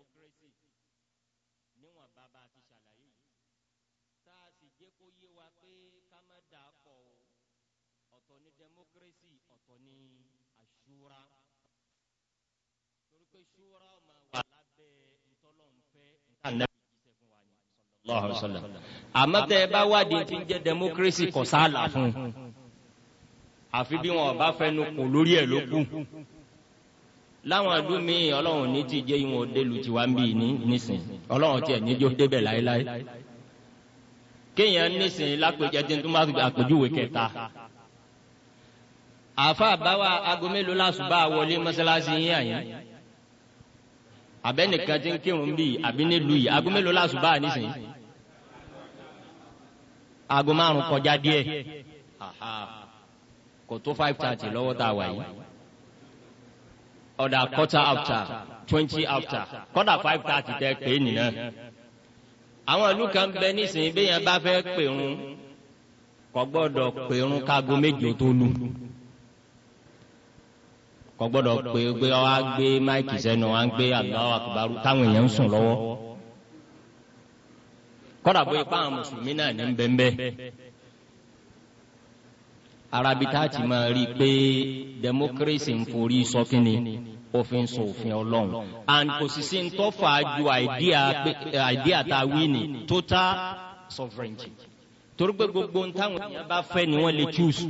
democracy níwọ̀n bàbá ti ṣàlàyé yìí tá a sì jẹ́ kó yé wa pé ká má dà á pọ̀ o ọ̀tọ̀ ni democracy ọ̀tọ̀ ni àṣúra torí pé ṣúra ọmọ wà lábẹ́ ntọ́lọ́nfẹ́ ntànàbìjíṣẹ́ wa ni sallallahu alaihi wasallam àmọ́ tẹ́ ẹ bá wádìí ti ń jẹ́ democracy kọ̀ sáàlà fún un àfi bí wọn ò fẹnu kò lórí ẹ̀ ló kù láwọn ọdún mi ọlọ́run ní ti jẹ́ ìwọ̀n òde lu tiwa ń bì ní nísìn ọlọ́run tiẹ̀ níjó débẹ̀ láéláé kéèyàn nísìn lápèjẹ tí n tún bá àpèjúwe kẹta àfa àbáwá aago mélòó lásùbà wọlé mọ́sálásí yín àyín àbẹ́nìkan ti ń kírun bíi àbí nílùú yìí aago mélòó lásùbà nísìn aago márùn kọjá díẹ̀ kò tó five thirty lọ́wọ́ tá a wà yìí. ọ̀dà quarter after twenty after kọda five thirty tẹ pé nìyẹn. àwọn ìlú kan bẹ nísìnyí bí yẹn bá fẹ́ pèrún kò gbọ́dọ̀ pèrún kágo méje tó lù kò gbọ́dọ̀ pé gbé wa gbé máìkì sẹ́nu wa gbé Allahu Akbar táwọn èèyàn ń sùn lọ́wọ́ kọ́dà bóyá mùsùlùmí náà ní bẹ́ẹ̀ arabita ti ma rí i pé democracy ń forí sọkínni òfin sọ òfin ọlọ́run and kò sì sí ntọ́fà ju àìdíà tá a wí ni total sovereignty torí pé gbogbo ń táwọn èèyàn bá fẹ́ ni wọ́n lè choose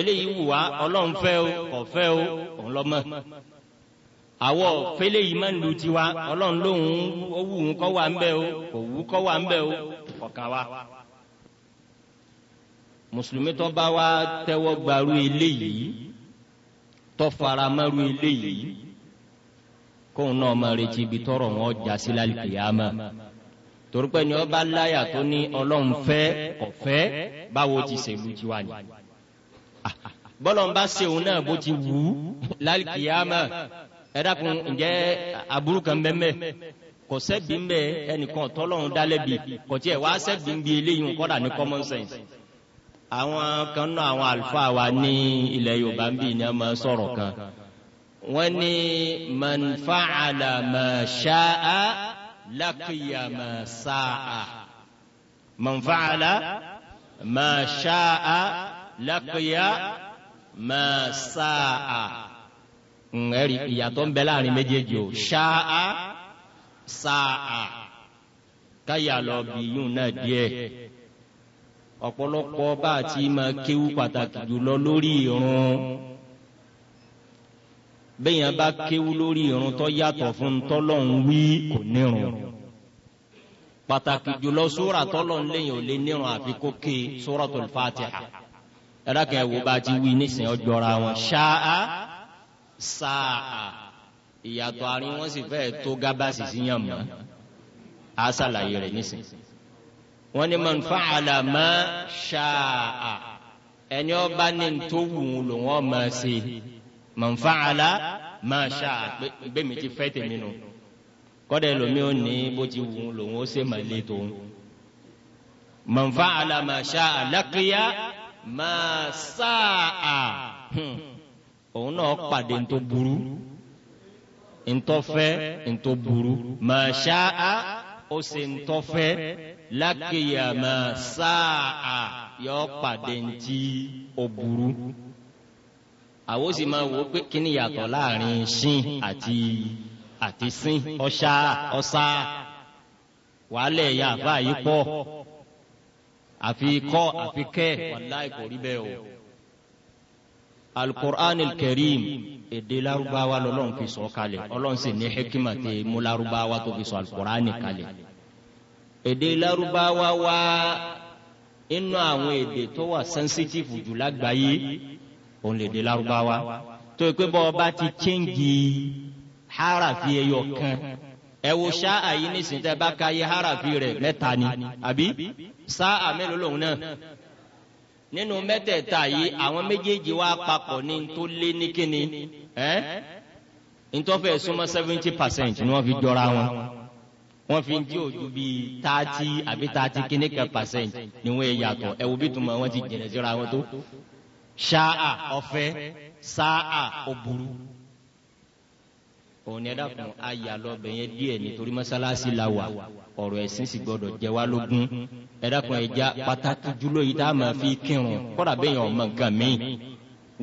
eléyìí wù wá ọlọ́run fẹ́ o kò fẹ́ o òun lọ mọ̀ àwọ̀ fẹ́lẹ́ yìí máa ń lu tiwa ọlọ́run lóhùn ó wù ú kọ́ wà ń bẹ́ o kò wù ú kọ́ wà ń bẹ́ o kọ̀ọ̀kan wa mùsùlùmí tó bá wá tẹ́wọ́ gbarú eléyìí tó faramaru eléyìí kóun náà máa retí ibi tọrọ wọn jà sí lálùkìyàmà torípé ni ọba láyà tó ní ọlọ́run fẹ́ ọ̀fẹ́ báwo ti ṣèlú tiwa ni bọ́lọ̀n bá ṣeun náà bó ti wù ú lálùkìyàmà ẹ dákun ǹjẹ́ aburú kan bẹ́ẹ̀ kò sẹ́bi ń ẹnìkan tọ́lọ́run dálẹ́bi kò tiẹ̀ wá sẹ́bi ń eléyìí kọ́dà ní common sense àwọn kan náà àwọn àlùfáà wa ní ilẹ̀ yorùbá bíi ní a máa sọ̀rọ̀ kan wọ́n ní man fa'ala ma sha'a laqiya ma sa'a man fa'ala ma sha'a laqiya ma sa'a ẹ̀rí ìyàtọ̀ ń bẹ láàrin méjèèjì o sha'a sa'a káyà lọ bí yún náà díẹ̀ ọ̀pọ̀lọpọ̀ bá a ti máa kéwú pàtàkì jùlọ lórí irun bẹ́yìn bá kéwú lórí irun tó yàtọ̀ fún tọ́lọ́hún wí kò nírun pàtàkì jùlọ sóra tọ́lọ́hún lẹ́yìn ò lè nírun àfi kó ké Suratul Fatiha ẹ̀rọ kan ẹ̀wò bá a ti wí nísìnyí ọjọ́ra wọn ṣáá sáà ìyàtọ̀ àárín wọn sì fẹ́ẹ̀ tó gábàsì síyàn mọ́ àá ṣàlàyé rẹ̀ nísìnyí wọ́n ní man fa'ala ma sha'a ẹni ọba ní tó wù ú ló wọ́n máa ṣe man fa'ala ma sha'a gbẹ̀mí ti fẹ́ tèmi nù kọ́dà ẹlòmí ò ní bó ti wù ú ló wọ́n ṣe máa lé tó ń man fa'ala ma sha'a laqiya ma sa'a hmm. òun náà pàdé tó burú ntọ́fẹ́ ntọ́ burú ma sha'a ó ṣe ntọ́fẹ́ lákèyàmà sáà yọ pàdé ntí òbúrú àwọn sì máa wò ó pé kíni yàtọ̀ láàrin sin àti àti sin ọ̀sà ọ̀sà wàhálẹ̀ ya àbá yìí pọ̀ àfi kọ́ àfi kẹ́ wàláì kò rí bẹ́ẹ̀ o. alukur'an kẹrim èdè larubawa lọ́lọ́run fi sọ kalẹ̀ ọlọ́run sì ní hekima tẹ mú larubawa tó fi sọ alukur'an kalẹ̀ èdè lárúbáwá wá inú àwọn èdè tó wà sensitive jù lágbàáyé òun lè dé lárúbáwá tó o pé bọ́ọ̀ bá ti chéǹgì harafi ẹyọ kan ẹ wo ṣáà yìí nísìnyí tẹ bá ka yẹ harafi rẹ mẹ́ta ni àbí ṣáà mélòó lòun náà nínú mẹ́tẹ̀ẹ̀ta yìí àwọn méjèèjì wá papọ̀ ní tó lé ní kíni ẹ́ ntọ́fẹ̀ẹ́ súnmọ́ seventy percent ni wọ́n fi jọra wọn wọ́n fi ń tí o ju bíi taati àbí taati kíní kan percent ni wọ́n yẹ yàtọ̀ ẹ wo bí tuma wọ́n ti jẹ̀rẹ̀ síra wọn tó ṣáà ọ̀fẹ́ ṣáà òbúrú òun ni ẹ̀dá kan ayà lọ́bẹ̀ yẹn díẹ̀ nítorí mọ́sálásí la wà ọ̀rọ̀ ẹ̀sìn sì gbọ́dọ̀ jẹ wá lógún ẹ̀dá kan ẹja pàtàkì jùlọ yìí tá a máa fi kírun kọ́dà bẹ́ẹ̀ yẹn ọmọ nǹkan mi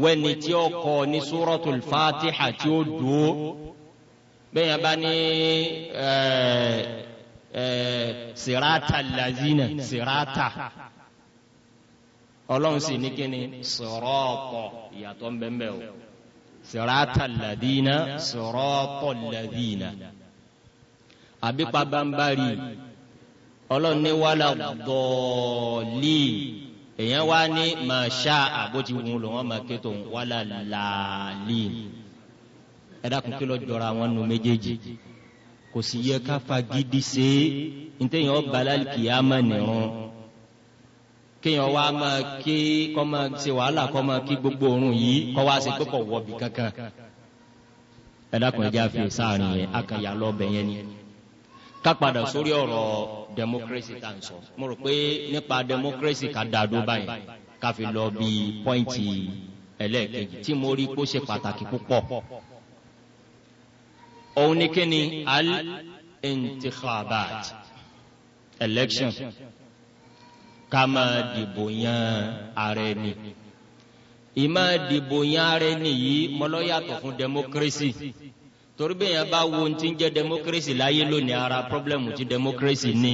wẹ́ni tí ó kọ ní suratul Fatiha tí ó dùn bẹ́ẹ̀ yẹn bá ní eh, eh, sirata lazina sirata ọlọ́run sì ní kíni sirata ìyàtọ̀ ń bẹ́ẹ̀ bẹ́ẹ̀ o sirata ladina sirata ladina àbípa bambari ọlọ́run ní wàhálà dọ̀ọ̀lì èèyàn wá ní màṣá àbójúwò lòun ọmọ kẹtò wàhálà làálì. La ẹ̀dàkùn kí lọ jọra àwọn nu méjèèjì kò sì yẹ ká fagidi ṣe é ntẹ̀yìn ọba alákìyà má nìrun kéèyàn wá máa ké kọ́ máa ṣe wàhálà kọ́ máa kí gbogbo oorun yìí kọ́ wá ṣe pé kọ́ wọ̀bì kankan ẹ̀dàkùn ẹ̀já fi sáàrin yẹn akànyà lọ́bẹ̀ yẹn ni ká padà sórí ọ̀rọ̀ democracy tá à ń sọ mo rò pé nípa democracy ká dáa dó báyìí ká fi lọ bí pọ́ìntì ẹlẹ́ẹ̀kejì tí mo rí kó ṣe pàtàkì púpọ̀ òun ni kíni al-intikhabat election ká máa dìbò yan ara ẹni ìmọ̀ dìbò yan ara ẹni yìí mọlọ́yàtọ̀ fún democracy torí bẹ́ẹ̀ yẹn bá wo ti ń jẹ́ democracy láyé lónìí ara problem ti democracy ní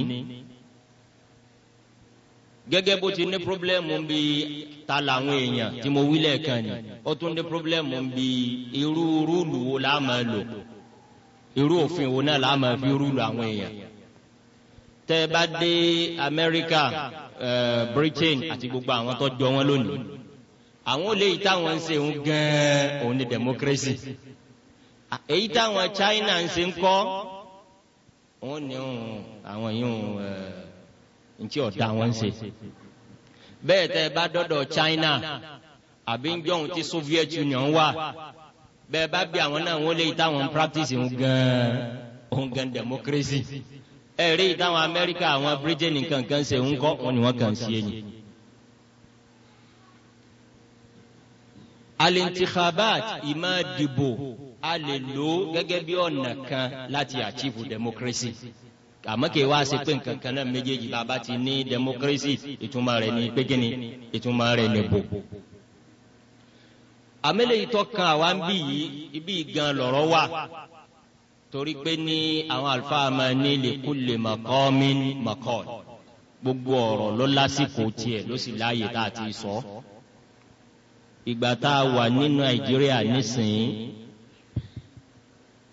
gẹ́gẹ́ bó ti ní pírọ́blẹ́mù ń ta làwọn èèyàn tí mo wí lẹ́ẹ̀kan ni ó tún ní pírọ́blẹ́mù ń irú rúùlù wo la máa lò irú òfin wo náà la máa fi rúlu àwọn èèyàn tẹ́ bá dé Amẹ́ríkà Britain àti gbogbo àwọn tó jọ wọn lónìí àwọn lè táwọn ń ṣe ń gan òun ni democracy èyí táwọn China ń ṣe ń kọ́ òun ni àwọn yìí ń tí ọ̀dà wọn ń ṣe bẹ́ẹ̀ tẹ́ bá dọ́dọ̀ China àbí ń jọ̀hún tí Soviet Union wà bẹ́ẹ̀ bá bí àwọn náà wọ́n lè táwọn practice ń gan ń gan democracy ẹ̀rí táwọn America, àwọn britain nǹkan kan ṣe ń kọ́ wọn ni wọ́n kàn sí ẹ̀yìn. alintikabat ìmọ̀ dìbò a lè lò gẹ́gẹ́ bí ọ̀nà kan láti achieve democracy àmọ́ kì í wá ṣe pé nǹkan kan náà méjèèjì bàbá ti ní democracy ìtumọ̀ rẹ̀ ní pé kí ni ìtumọ̀ rẹ̀ ní bò àmẹ́lẹ̀ yìí tọ́ kan àwa ń bì yìí ibi gan lọ̀rọ̀ wà torí pé ní àwọn àlùfáà máa ní likulli maqamin maqal gbogbo ọ̀rọ̀ ló lásìkò tiẹ̀ ló sì láàyè tá a ti sọ. ìgbà tá a wà nínú nàìjíríà nísìnyí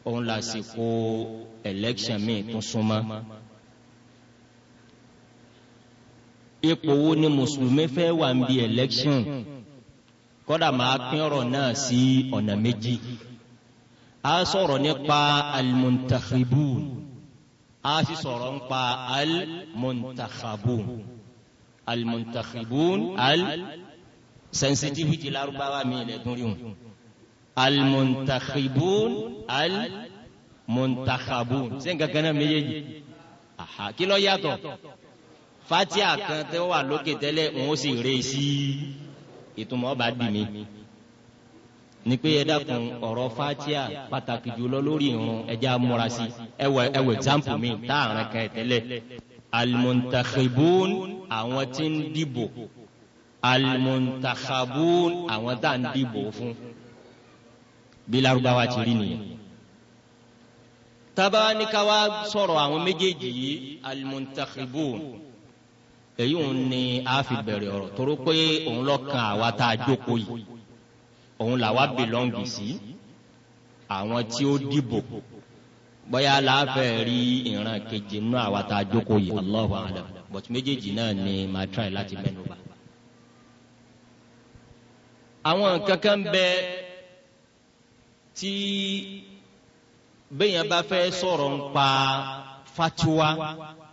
òun lásìkò election míì tún súnmọ́. ipò wo ni mùsùlùmí fẹ́ wà ń bi election. election kọ́dà máa pín ọ̀rọ̀ náà sí ọ̀nà méjì a sọ̀rọ̀ nípa almuntakhabun a sì sọ̀rọ̀ nípa almuntakhabun almuntakhabun al sensitivity larubawa mi lè dún ríun almuntakhabun almuntakhabun ṣé nǹkan kan náà méjèèjì aha kí ló yàtọ̀ fatia kan tẹ́ wà lókè tẹ́lẹ̀ òun ó sì rè sí i ìtumọ̀ ọba dì mí ni pé ẹ dákun ọ̀rọ̀ fatia pàtàkì jùlọ lórí irun ẹja múra sí ẹwẹ ẹwẹ example mi tá àrùn kan tẹ́lẹ̀ almuntakhibun àwọn tí ń dìbò almuntakhabun àwọn tá ń dìbò fún bí Lárúbáwá ti rí nìyẹn tábà ní àwọn méjèèjì yìí almuntakhibun èyí òun ni a fi bẹ̀rẹ̀ ọ̀rọ̀ torí pé òun lọ́kàn àwa tá a jókòó yìí òun làwa bìlọ́ǹgì sí àwọn tí ó dìbò bóyá láàfẹ́ rí ìran kejì nínú àwa tá a jókòó yìí Allahu a'lam but méjèèjì náà ni màá try láti mẹ́nu bà. àwọn kankan bẹ tí béèyàn bá fẹ́ sọ̀rọ̀ ń pa fatuwa. fatuwa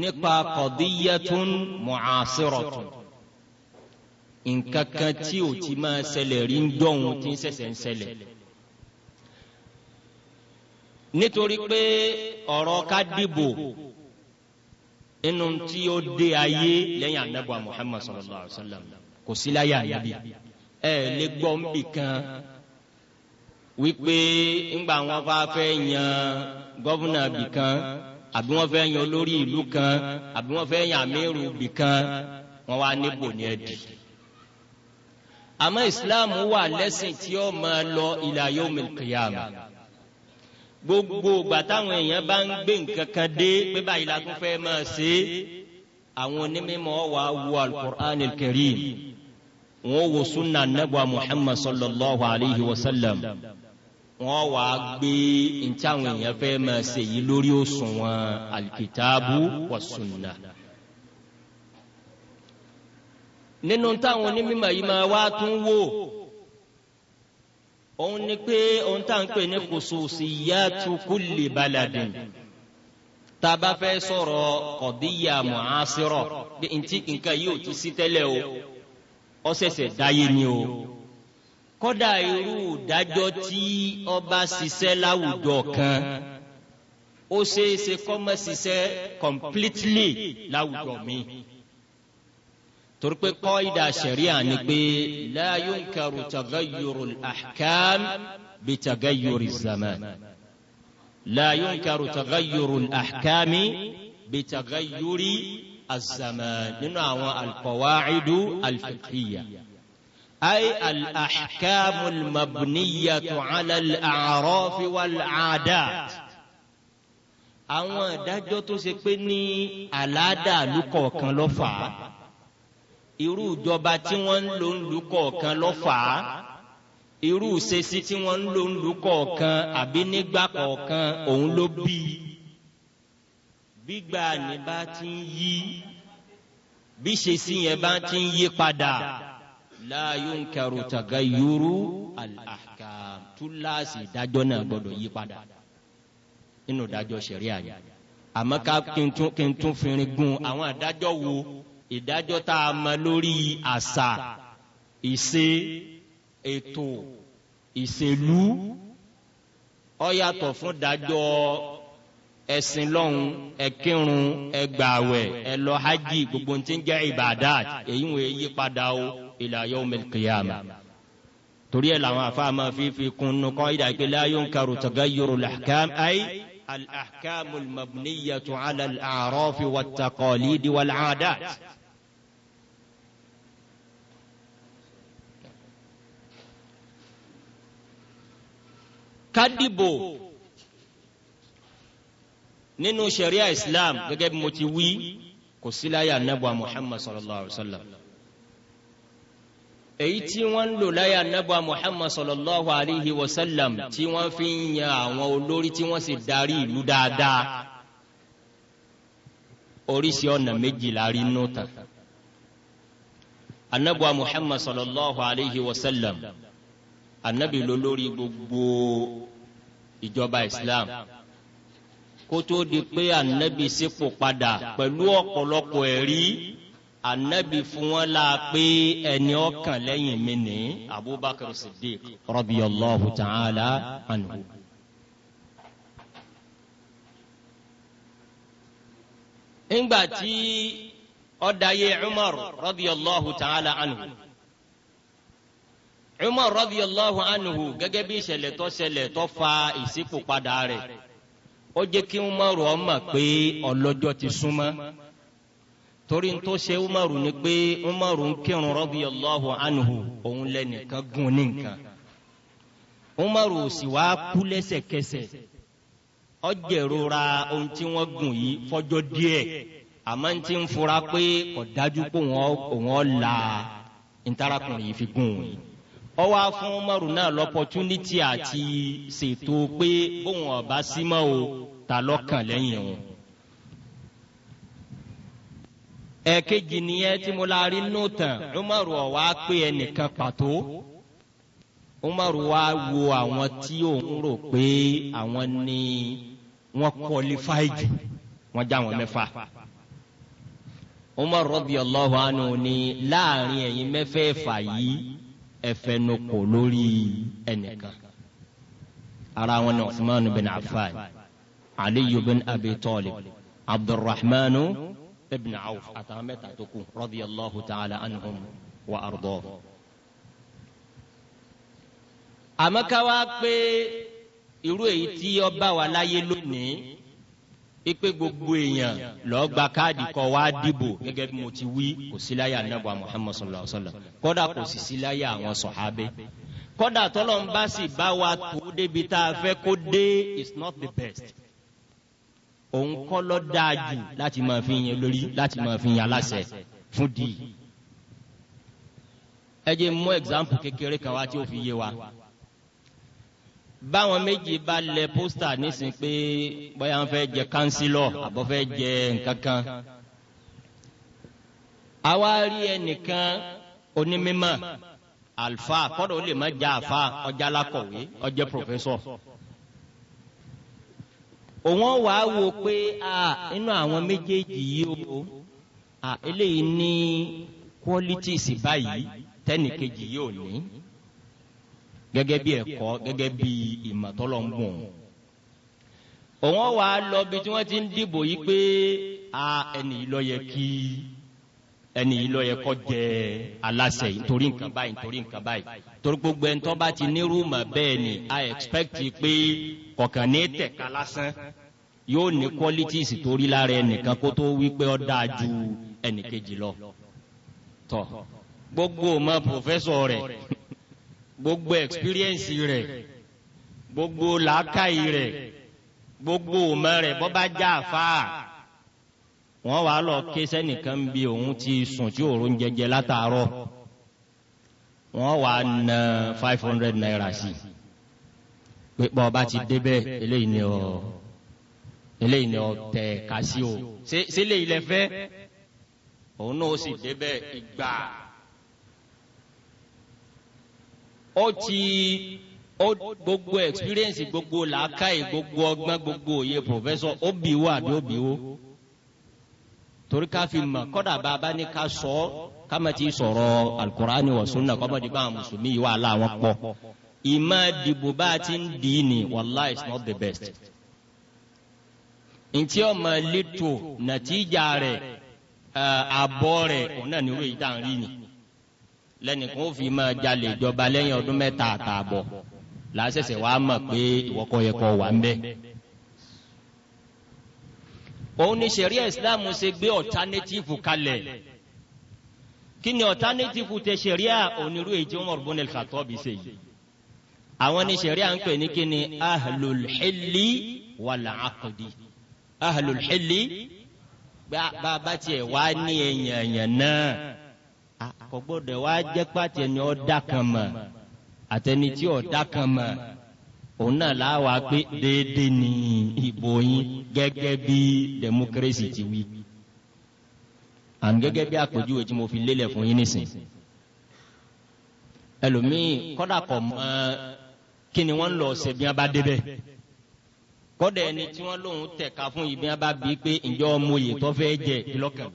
nípa qadiyyatun mu'asiratun nǹkan kan tí ò ti máa ṣẹlẹ̀ rí ń dọ̀hún tí ń ṣẹ̀ṣẹ̀ ń ṣẹlẹ̀ nítorí pé ọ̀rọ̀ ká dìbò inú tí ó dé ayé lẹ́yìn anábọ̀ Muhammad sallallahu alaihi wa sallam kò sí láyé àyàbí ẹ lè gbọ́ nbì kan wípé ńgbà wọn fẹ́ yan gọ́vùnà bì kan àbí wọ́n fẹ́ yan olórí ìlú kan àbí wọ́n fẹ́ yan àmírù ibì kan wọ́n wá níbò ní ẹ̀dì. àmọ́ islam wà lẹ́sìn tí ó máa lọ ila yawmil qiyamah gbogbo ìgbà táwọn èèyàn bá ń gbé nǹkan kan dé pé báyìí la tún fẹ́ máa ṣe é àwọn onímọ̀ wà wú al-Qur'an al-Karim wọ́n wò sunna nabwa Muhammad sallallahu alayhi wa sallam wọ́n wà á gbé ntí àwọn èèyàn fẹ́ máa ṣe yìí lórí òṣùwọ̀n alikitaabu wa sunna. nínú táwọn onímọ̀ yìí máa wá tún wò òun ni pé òun tá à ní khususiyatu kulli baladin tá a bá fẹ́ sọ̀rọ̀ qadiya mu'asira bí ntí nǹkan yìí ò ti sí tẹ́lẹ̀ o ó ṣẹ̀ṣẹ̀ dáyé ni o kọ́dà irú ìdájọ́ tí ọba ṣiṣẹ́ láwùjọ kan ó ṣeéṣe kọ́mọ́ ṣiṣẹ́ completely láwùjọ mi torí pé kọ́ ìdá sẹ̀ríà ni pé la yunkaru tagayyurul ahkam bi tagayyuri zaman la yunkaru tagayyurul ahkami bi tagayyuri azaman nínú àwọn alqawaidu alfiqhiyya. Al أي الأحكام المبنية على الأعراف والعادات àwọn ìdájọ́ tó ṣe pé ní aládàálù kọ̀ọ̀kan irú ìjọba tí wọ́n ń lò ń lù kọ̀ọ̀kan irú ìṣesí tí wọ́n ń lò ń lù àbí nígbà kọ̀ọ̀kan òun ló bí i gbígbà ní bá ti ń yí bí ìṣesí yẹn bá ti ń yí padà la yunkaru tagayyuru al-ahkam túláàsì ìdájọ́ náà gbọ́dọ̀ yí padà nínú ìdájọ́ ṣẹ̀ríà ni àmọ́ ká kí n tún fìrin gun àwọn ìdájọ́ wo ìdájọ́ tá a mọ lórí àṣà ìṣe ètò ìṣèlú ó fún ìdájọ́ ẹ̀sìn lọ́hùn ẹ̀kírun ẹgbààwẹ̀ ẹ̀lọ́ hajj gbogbo ti ń jẹ́ ìbàdà èyí wọ́n yí padà o ila yawmil qiyamah torí ẹ̀ làwọn afa máa fi fi kun nu kọ́ ìdá pé la yunkaru tagayyurul ahkam ay al-ahkamul mabniyatu ala al-a'rafi wat-taqalidi wal-'adat. kádìbò nínú sharia islam gẹ́gẹ́ bí mo ti wí kò sí muhammad sallallahu alaihi wa èyí tí wọ́n ń lò láyà nẹ́bà muhammad sallallahu alayhi wa sallam tí wọ́n fi ń yan àwọn olórí tí wọ́n sì darí ìlú dáadáa oríṣi ọ̀nà méjìlá rí nù tán anabuwa muhammad sallallahu alayhi wa sallam ló lórí gbogbo ìjọba islam kó tó di pé anabi sípò padà pẹ̀lú ọ̀pọ̀lọpọ̀ ẹ̀rí anabi fún wọn la pé ẹni ọkàn lẹ́yìn mi ní abubakar siddiq radiyallahu ta'ala anhu. ńgbà tí ọ̀dàyé umar radiyallahu ta'ala anhu. umar radiyallahu anhu gẹ́gẹ́ bí ìṣẹ̀lẹ̀ tó ṣẹlẹ̀ tó fa ìṣípò padà rẹ̀ ó jẹ́ kí umaru ó pé ọlọ́jọ́ ti súnmọ́ torí n tó ṣe umaru ni pé umaru ń kírun radiyallahu anhu òun lẹ́nìkan gùn ní nǹkan umaru sì wá kú lẹ́sẹ̀kẹsẹ̀ ọjẹ̀rora ohun tí wọ́n gùn yìí fọjọ́ díẹ̀ àmọ́ ń ti ń fura pé kò dájú pé òun la ntarakùnrin yìí fi gùn yìí ọ wá fún umaru náà lọ́pọ̀túnítì àti ṣètò pé bóun ọ̀bá símọ́ o ta lọ́kàn lẹ́yìn òun. ẹ̀kejì nìyẹn tí mo la rí nù tán umaru ọ̀wá pé ẹnìkan pàtó umaru wa wo àwọn tí òun rò pé àwọn ni wọ́n qualified jù wọ́n já wọn mẹ́fà umaru radiyallahu anhu ni láàrin ẹ̀yin mẹ́fẹ̀ẹ̀fà yìí ẹ̀fẹ̀nukò lórí ẹnìkan ara wọn ni usman bin affan aliyu bin abi talib abdulrahmanu. ابن عوف àtàwọn mẹ́ta رضي الله تعالى عنهم anhum wa ardo. àmọ́ ká wá pé irú èyí tí ọba wa láyé lónìí ipe gbogbo èèyàn lọ gba káàdì kọ wá dìbò gẹ́gẹ́ bí mo ti wí kò sí láyà nàbà Muhammad sallallahu alaihi wa kò sì sí láyà àwọn sọhábẹ kódà tọlọmùbá bá wa tó débi tá a fẹ́ kó dé is not the best òun kọ́ lọ dáa jù láti máa fi yín lórí láti máa fi yín aláṣẹ fún di. ẹ jẹ́ mú ẹ̀gzámpù kékeré kan wá tí ó fi yé wa. báwọn méjì bá lẹ pósítà nísìnyí pé bóyá wọn fẹ́ jẹ kánsílọ̀ àbọ̀ fẹ́ jẹ nǹkan kan. àwa rí ẹnìkan onímọ̀ àlùfáà kọ́dọ̀ ó lè má jẹ́ àfa ọjà alákọ̀wé ọjẹ́ pòfẹ́sọ̀ òun wà á wo pé inú àwọn méjèèjì yìí o eléyìí ní qualities báyìí tẹ́nìkejì yóò ní gẹ́gẹ́ bí ẹ̀kọ́ gẹ́gẹ́ bí ìmọ̀tọ́lọ́mùn òun wà á lọ bí tí wọ́n ti ń dìbò yìí pé ẹnì lọ yẹ kí ẹni yìí ló jẹ aláṣẹ torí nǹkan báyìí torí nǹkan báyìí torí gbogbo ẹni tó bá ti nírú mà bẹ́ẹ̀ ni i expect pé kọ̀ọ̀kan ní tẹ̀ka lásán yóò ní qualities torí lára ẹnìkan kó tó wí pé ó dáa ju ẹnìkejì lọ tọ gbogbo ọmọ professor rẹ gbogbo experience rẹ gbogbo làákàyè rẹ gbogbo ọmọ rẹ bọ́ bá wọ́n wàá lọ ké sẹ́nìkan bí òun ti sùn tí òórùn jẹjẹ látàárọ̀ wọ́n wàá na five hundred naira sí i pé bọ́ ọba ti débẹ̀ eléyìí ni ọ eléyìí ni ọ tẹ̀ ká sí o ṣé lè ilẹ̀ fẹ́ òun náà sì débẹ̀ ìgbà ó ti gbogbo experience gbogbo làákàyè gbogbo ọgbọ́n gbogbo òye professor ó bí wo àbí ó bí torí ká fi mọ̀ kọ́dà bàbá ní ká sọ ọ́ ká má ti sọ̀rọ̀ alukur'ani wa sunna kọ́mọ́ di bá àwọn mùsùlùmí yìí wà á láwọn pọ̀ ìmọ̀ dìbò bá a ti ń dì ni wallahi is not the best. ntí ọmọ lẹ́tọ̀ nàtíjà rẹ̀ eh, àbọ̀ rẹ̀ òun náà ní orí ìta ń rí ni lẹ́nìkan ó fi máa jalè ìjọba lẹ́yìn ọdún mẹ́ta àtààbọ̀ làásẹ̀sẹ̀ wàá mọ̀ pé ìwọ́kọ̀ yẹ kọ́ wà ń bẹ́ẹ̀ òun ni sẹ̀rí ìsìláàmù ṣe gbé ọ̀tánétífù kalẹ̀ kí ni ọ̀tánétífù tẹ sẹ̀rí à onírú èyí tí Umar ibn al-Khattab ṣe yìí àwọn ni sẹ̀rí à ń pè ní kí ni ahlul hilli wal aqdi bá a bá tiẹ̀ wá ní èèyàn èèyàn náà kò wá jẹ́ pàtẹ́ ni kan mọ̀ àtẹni tí kan mọ̀ òun náà láwa pé déédéé ni ìbò yín gẹ́gẹ́ bí democracy ti wí àmì gẹ́gẹ́ bí àpèjúwe tí mo fi lélẹ̀ fún yín nísìn ẹlòmíì kọ́dà kọ̀ mọ́ kí ni wọ́n ń lọ ṣe bí wọ́n bá débẹ̀ kọ́dà ẹni tí wọ́n lòun tẹ̀ka fún yìí bí wọ́n bá bí pé ǹjọ́ ọmọ òye tó fẹ́ jẹ ìlọ́kàn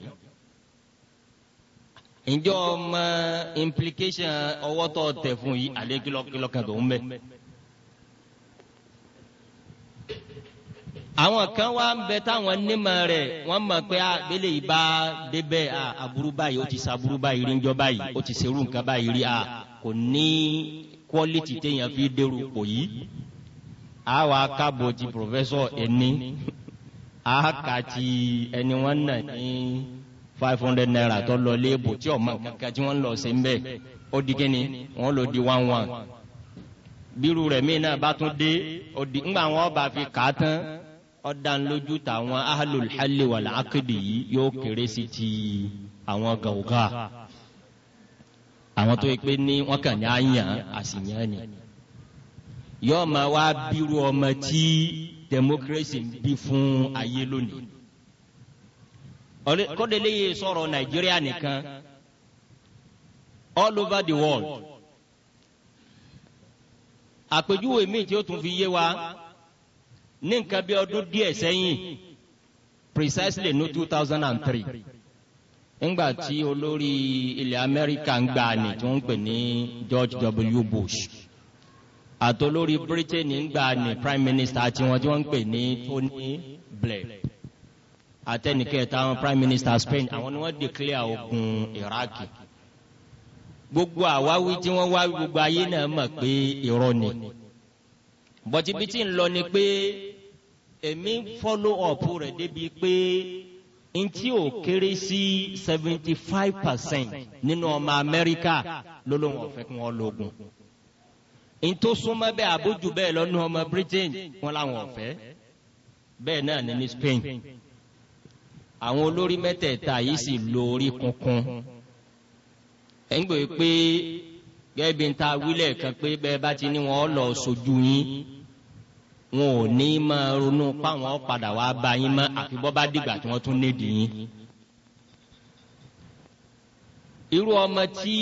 mi ǹjọ́ ọmọ implication ọwọ́ tó tẹ̀ fún yìí àlẹ́ kìlọ́kìlọ́kàn tó ń bẹ́ẹ̀. àwọn kan wá ń bẹ táwọn nímọ̀ rẹ̀ wọ́n mọ̀ pé abẹ́lẹ̀ ah, ìbá débẹ̀ ah, aburú báyìí ó ti sa báyìí rí njọ́ báyìí ó ti serú nǹkan báyìí rí a ah, kò ní quality téèyàn fi dérú pò yìí a wà kábò ti professor ẹni a kà ti ẹni wọn nà ní five hundred naira tó lọ léèbù tí ọmọ kankan tí wọn lọ sí nbẹ ó di kíni wọn lò di one one bírú rẹ̀ mí náà bá tún dé ó di ńgbà wọn bá fi kà á tán ọ̀dánlójú tàwọn ahlul halli wal aqdi yìí yóò kéré sí ti àwọn gàwùgà àwọn tó yẹ pé ní wọn kàn ní àyàn àsìyàn ni yóò máa wá bírú ọmọ tí democracy ń bí fún ayé lónìí kọ́dẹ̀lẹ́yẹ sọ̀rọ̀ nàìjíríà nìkan all over the world àpèjúwe míì tí ó tún fi yé wa. wa ní nǹkan bí ọdún díẹ̀ sẹ́yìn precisely ní two thousand and three ńgbà tí olórí ilẹ̀ amẹ́ríkà ń gbà ní tí wọ́n ń pè ní george w bush àtolórí britain ń gbà ní prime minister tiwọn tí wọ́n ń pè ní tony blair àtẹnikẹ́ta àwọn prime minister spain àwọn ni wọ́n declare ogun iraq gbogbo àwáwí tí wọ́n wáwí gbogbo ayé náà mọ̀ pé irọ́ ni bọ́tí ń lọ ni pé èmi follow up rẹ̀ débi pé n tí ò kéré sí seventy five percent nínú ọmọ amẹ́ríkà ló ló wọn fẹ́ kí wọ́n lógun n tó súnmọ́ bẹ́ẹ̀ abójú bẹ́ẹ̀ lọ́nu ọmọ britain wọn làwọn ọ̀fẹ́ bẹ́ẹ̀ náà ní ní spain àwọn olórí mẹ́tẹ̀ẹ̀ta yìí sì lo orí kunkun ẹ̀ ń gbé pé gẹ́gẹ́ bí n ta wílẹ̀ kan pé bẹ́ẹ̀ bá ti ní wọn lọ sojú yín wọn ò ní máa ronú páwọn padà wá bá yín mọ́ àfi bọ́ bá dìgbà tí wọ́n tún nídìí yín. irú ọmọ tí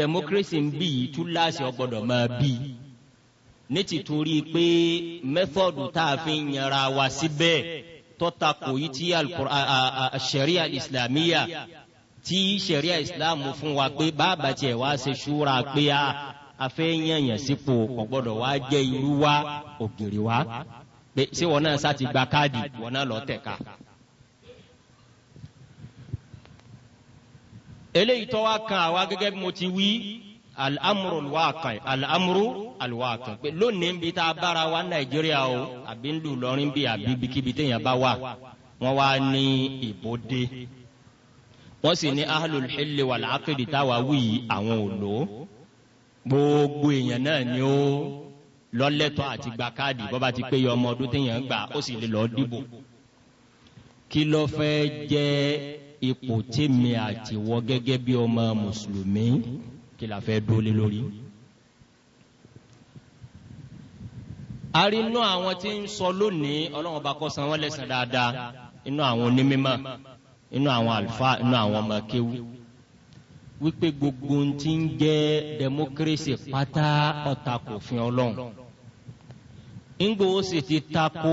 democracy ń bí yìí tún láṣẹ ọgbọ́dọ̀ máa bí ní tìtorí pé mẹ́fọ́ọ̀dù tá a fi ń yanra wa síbẹ̀ tọ́ta kò yí tí sẹ̀ríà ìsìlámíyà tí sẹ̀ríà ìsìlámù fún wa pé bàbá tiẹ̀ wá ṣe ṣúra pé a afẹ́ yànyàn sípò kò gbọ́dọ̀ wá jẹ́ irú wa ògiri wa pé ṣé wọn náà sáti gba káàdì wọn náà lọ tẹ̀ka. eléyìí tó wá kan àwa gẹ́gẹ́ bí mo ti wí al'amuru alwaakan al'amuru alwaakan pé lónìí bí tá a bára wa nàìjíríà o àbí ń lù lọrin bí àbí bíkíbi téèyàn bá wà wọn wá ní ìbòde wọn sì ní ahlul hilli wal aqdi táwa wí àwọn ò lò ó gbogbo èèyàn náà ni ó lọ́lẹ́tọ̀ àti gba káàdì bọ́ba ti pé ọmọ ọdún téèyàn gbà ó sì lè lọ́ọ́ dìbò kí ló fẹ́ jẹ́ ipò tèmi àti wọ gẹ́gẹ́ bí ọmọ mùsùlùmí kí la fẹ́ dólé lórí. a àwọn tí ń sọ lónìí ọlọ́run bá kọ́ san wọ́n lẹ́sàn dáadáa inú àwọn onímọ̀ inú àwọn àlùfáà inú àwọn ọmọ kéwú wípé gbogbo ń ti ń jẹ́ democracy pátá ọ̀tàkùn òfin ọlọ́run ńgbò ó sì ti tako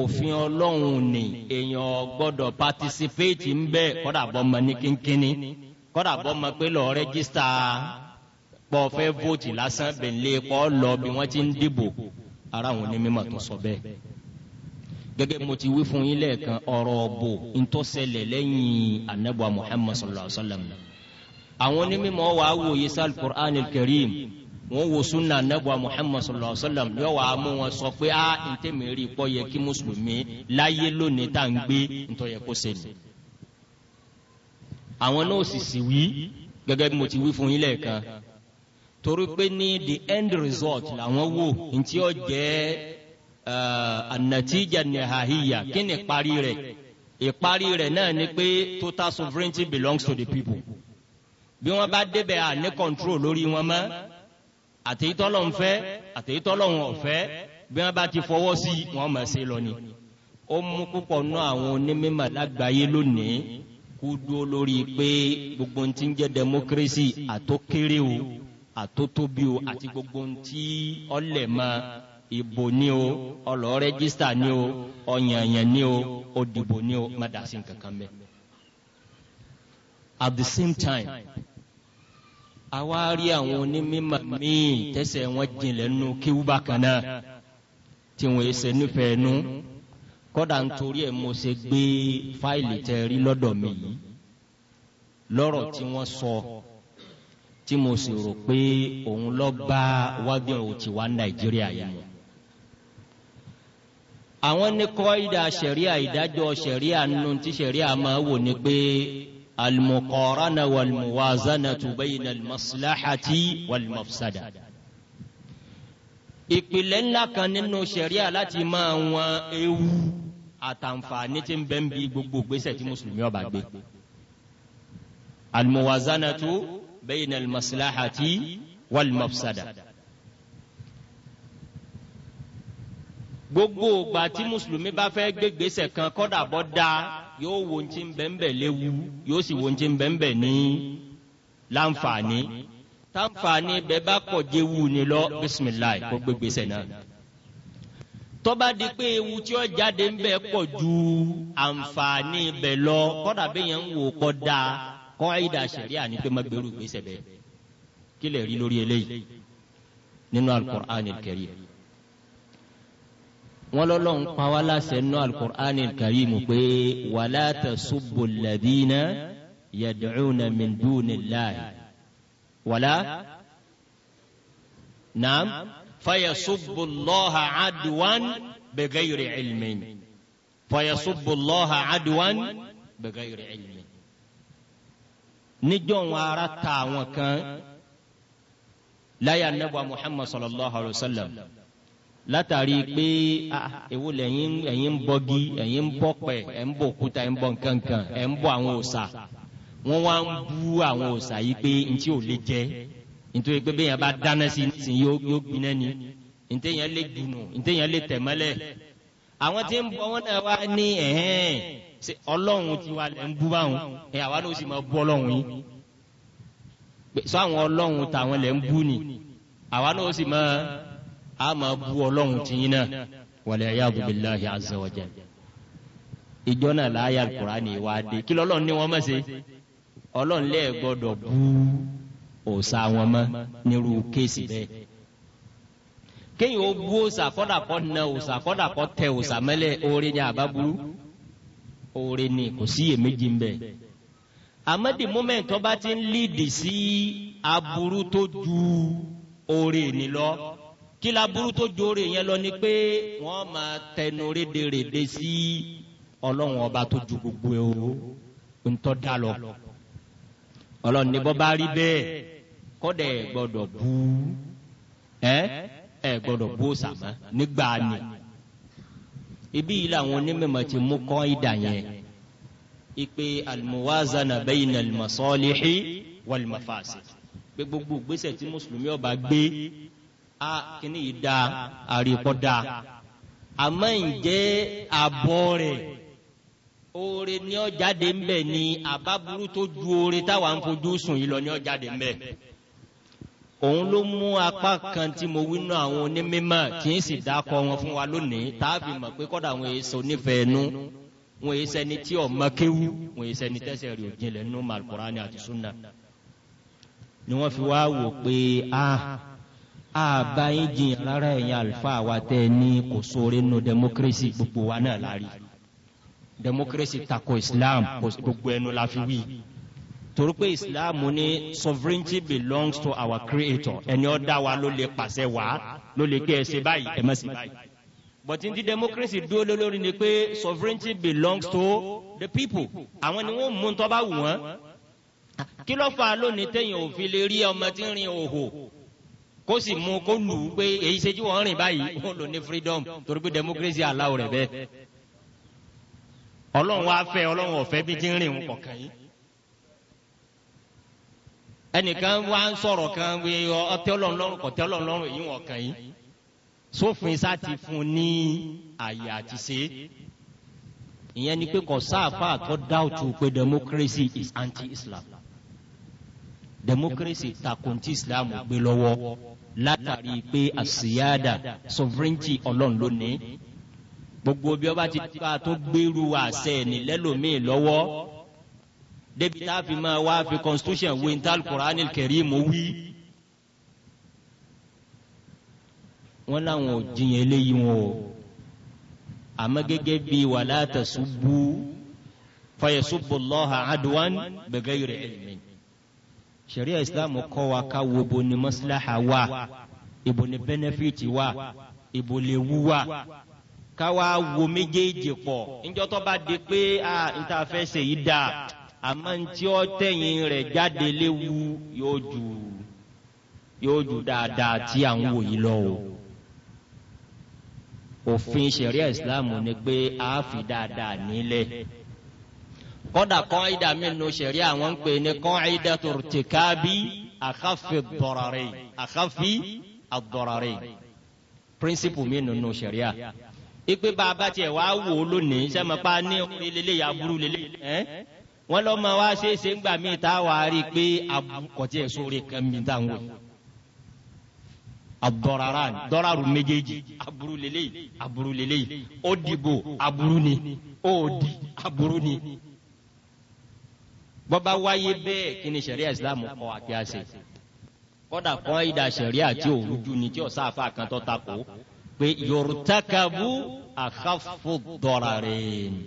òfin ọlọ́run ni èèyàn gbọ́dọ̀ patisipéètì ń bẹ́ẹ̀ kọ́dà bọ́ mọ ní kínkínní kọ́dà bọ́ mọ pé lọ́ọ́ rẹ́gísítà pọ̀ fẹ́ vóòtì lásán bẹ̀lẹ́ kọ́ lọ bí wọ́n ti ń dìbò ara àwọn onímọ̀ tó sọ bẹ́ẹ̀ gẹ́gẹ́ mo ti wí fún yín lẹ́ẹ̀kan ọ̀rọ̀ ọ̀bọ̀ ntọ́sẹ̀lẹ̀ lẹ́yìn anabuwa muhammadu sallallahu alaihi wa sallam àwọn onímọ̀ wà á wòye sal qur'an al-karim wọn wo sunna anabu muhammad sallallahu alaihi wa sallam yóò wà á mú wọn sọ pé a ah, n tẹ́ mi rí ipò yẹ kí mùsùlùmí láyé lónìí tá à gbé ntọ́ yẹ kó ṣe àwọn náà sì sì wí gẹ́gẹ́ bí mo ti wí fún yín lẹ́ẹ̀kan torí pé ní the end result làwọn wò ntí ó jẹ́ eh, anatija nehahiya kí ni ìparí rẹ̀ ìparí rẹ̀ náà ni pé total sovereignty belongs to the people bí wọ́n bá débẹ̀ à ní kọ̀ǹtró lórí wọn mọ́ àtẹ̀yítọ́lọ́ ń fẹ́ àtẹ̀yítọ́lọ́ ń ọ̀fẹ́ bí wọ́n bá ti fọwọ́ sí wọn mọ̀ sí lọ ni. ó mú púpọ̀ nú àwọn onímọ̀ lágbàáyé lónìí kú dúró lórí pé gbogbo ohun tí ń jẹ́ democracy àtókéré o àtótóbi o àti gbogbo ohun tí ọlẹ̀ mọ́ ìbò ni o ọlọ́ rẹ́gísítà ni o ọ̀yànyàn ni o òdìbò ni o má dàsí nǹkan bẹ́ẹ̀. at the same time àwa rí àwọn onímọ̀ míì tẹ́sẹ̀ wọn jinlẹ̀ nù kíwúbà kan náà tí wọn ṣe nífẹ̀ẹ́ nù kọ́dà nítorí ẹ̀ mo ṣe gbé fáìlì tẹ́ rí lọ́dọ̀ mi yìí lọ́rọ̀ tí wọ́n sọ tí mo sì rò pé òun lọ bá wábí òtí wa nàìjíríà yìí mu. àwọn ní kọ́ ìdá sẹ̀ríà ìdájọ́ sẹ̀ríà nù tí sẹ̀ríà máa wò ni pé. المقارنة والموازنة بين المصلحة والمفسدة ìpìlẹ̀ ńlá kan nínú sẹ̀ríà láti máa wọn ewu àtàǹfààní tí ń bẹ́ ń bi gbogbo gbèsè tí mùsùlùmí ọba gbé almuwazanatu bẹ́yìn almaslahati walmafsada gbogbo ìgbà tí mùsùlùmí bá fẹ́ gbé gbèsè kan kọ́dà bọ́ dáa yóò wo ti ń bẹ́ńbẹ́ léwu yóò sì wo ti ń bẹ́ńbẹ́ ní láǹfààní táǹfààní bẹ́ẹ̀ bá kọ̀ jẹ́ wù ní lọ bisimilayi kó gbé gbèsè náà tọ́ba di pé ewu tí ó jáde ń bẹ pọ̀ ju àǹfààní bẹ̀ lọ kọ́dà bẹ́ẹ̀ yẹn ń wò kọ́ da kọ́ àyídà sẹ̀ríà ní pé má gbèrú gbèsè bẹ́ẹ̀ kí lè rí lórí eléyìí nínú alukur'an kẹrì yẹn wọn lọlọrun pa wá láṣẹ nù alukur'an karimu pé wàlá tasubbu alladhina yad'una min dunillahi wàlá naam fayasubbu allaha adwan bighayri ilmin fayasubbu allaha adwan bighayri ilmin. níjọ́ wọn ara ta àwọn kan láyà nebà muhammad sallallahu alayhi wa sallam látàrí pé ah, ewo lẹ́yìn ẹ̀yìn ń bọ́gi ẹ̀yìn ń bọ́pẹ̀ ẹ̀ ń bọ̀ òkúta ẹ̀ ń bọ̀ nkankan ẹ̀ ń bọ̀ àwọn òòsà wọ́n wá ń bú àwọn òòsà yìí pé ntí ò lè jẹ́ nítorí pé bẹ́ẹ̀ yẹn bá dáná sí i yóò gbiná ni ntẹ̀yẹn lè dùnú ntẹ̀yẹn lè tẹ̀mọ́lẹ̀ àwọn tí ń bọ̀ wọ́n náà wá ní ẹ̀hẹ́n ọlọ́run ti wà lẹ́ ń bú báwọn ẹ̀ àwa ló sì máa bú ọlọ́run yìí sọ àwọn ọlọ́run tàwọn lẹ́ ń bú ni àwa ló sì máa a máa bú ọlọ́run ti yín náà waliyadu billahi azza wa jal. ìjọ náà láàyè alukurani wá dé kí lọ́lọ́run ní wọ́n mọ̀ sí ọlọ́run lè gbọ́dọ̀ bú òòṣà wọn mọ́ nírú kéèsì bẹ́ẹ̀. kéèyàn ó bú òòṣà kọ́dàkọ́ na òòṣà kọ́dàkọ́ tẹ òòṣà mẹ́lẹ̀ oore ní àbábúrú oore ni kò síyèméjì ń bẹ àmọ́ the bá ti ń lead sí aburú tó ju oore ni lọ kí laburú tó jóore yẹn lọ ni pé wọ́n máa tẹnu rédèrèdè sí ọlọ́run ọba tó ju gbogbo ẹ̀ o ntọ́ da lọ ọlọ́run ní bọ́ bá rí bẹ́ẹ̀ kọ́dẹ̀ ẹ̀ gbọ́dọ̀ bú ẹ́ ẹ̀ gbọ́dọ̀ bú nígbà ni ibi yìí làwọn onímọ̀ ti mú kọ́ ìdà yẹn ipe almuwazana bayna almasalihi walmafasi pé gbogbo ìgbésẹ̀ tí mùsùlùmí ọba gbé a kini yìí da àríkọ́ da àmọ́ ǹjẹ́ àbọ̀ rẹ̀ oore ní ọ̀jáde ń bẹ̀ ni àbábúrú tó ju oore táwa ń fojú sùn yìí lọ ní ọ̀jáde ń bẹ̀ òun ló mú apá kan tí mo wí nú àwọn onímọ̀ kì í sì dákọ wọn fún wa lónìí táàbì mọ̀ pé kọ́dà àwọn èso nífẹ̀ẹ́ nú wọn èyí sẹni tí ọmọ kéwú wọn èyí sẹni tẹsẹ̀ rí òjìnlẹ̀ nú malkurani àti sunna ni wọ́n fi wá wò pé a. Ah, àbá yín jiyàn rárá ẹ̀yin àlùfáà wa tẹ́ ní kò sóore nù democracy gbogbo wa náà la democracy tako islam gbogbo ẹnu la fi wí torí pé islam ní sovereignty belongs to our creator ẹni ó dá wa ló lè pàṣẹ wá ló lè kí ẹ ṣe báyìí ẹ má báyìí but ní ti democracy dúró lórí ni pé sovereignty belongs to the people àwọn ni wọ́n mú un tó bá wù wọ́n kí ló fà lónìí téèyàn ò lè rí ọmọ tí ń rin òhò kó sì mú kó lù ú pé èyí ṣe tí wọ́n rìn báyìí wọ́n lò ní freedom torí pé democracy aláwọ̀ rẹ̀ bẹ́ẹ̀ ọlọ́run wá fẹ́ ọlọ́run ọ̀fẹ́ bí ti ń rìn kọ̀ọ̀kan yìí ẹnìkan wá ń sọ̀rọ̀ kan wí ọtẹ́ ọlọ́run lọ́rùn kọ̀tẹ́ ọlọ́run lọ́rùn èyí wọ̀n kàn yìí sófin sá ti fún ní àyè àti ṣe ìyẹn ni pé kò sáàfà tó dáùtù pé democracy is anti-Islam democracy takunti Islam gbé lọ́wọ́ látàrí pé àṣìyáàdà sovereignty ọlọ́run ló ní gbogbo bí ọba ti ká tó gbèrú àṣẹ ní lẹ́lòmíì lọ́wọ́ débi tá a fi máa wá fi constitution wintal quran kerim wí. wọ́n láwọn ò jiyàn eléyìí wọn o àmọ́ gẹ́gẹ́ bíi wàlá tasubu fayasubu lọ́ha adwan bẹ̀gẹ́ yìí rẹ̀ ẹ̀mí sẹ̀ríà islam kọ́ wa ká wo bo ni mọ́síláhà wa ibo ni bẹ́nẹ́fìtì wa ibo lè wú wa ká wa wo méjèèjì pọ̀ níjọ́ bá di pé a n ta fẹ́ ṣe yìí dà àmọ́ n tí ó tẹ̀yìn rẹ̀ jáde léwu yóò jù yóò jù dáadáa tí à ń wò yìí lọ o òfin sẹ̀ríà islam ni pé a fi dáadáa nílẹ̀ kọ́dà kan ìdá mẹ́nu sẹ̀rí àwọn ń pè ní kan ìdá tòrtìkábí àkáfì dọ̀rọ̀rẹ̀ àkáfì àdọ̀rọ̀rẹ̀ píríncípù mẹ́nu nù sẹ̀rí à. ipe bá a bá tiẹ̀ wá wò ó lónìí sẹ́mi pa ní lélẹ̀ aburú lélẹ̀ ẹ́ wọ́n lọ́ máa wá ṣe é ṣe ń gbà mí ta wà á rí i pé àbùkọ̀tì ẹ̀ sóore kan mi ta ń àdọ̀rọ̀rà dọ́rọ̀rù méjèèjì aburú lélẹ̀ aburú lélẹ̀ bọ́ba wáyé bẹ́ẹ̀ kí ni sẹ̀ríà islam kọ́ àti àṣẹ kọ́dà kan ìdá sẹ̀ríà tí ò rújú ni tí ọ̀sá àfa kan tó takò pé yorùtàkàbù àkàfò dọ̀ra rẹ̀ ni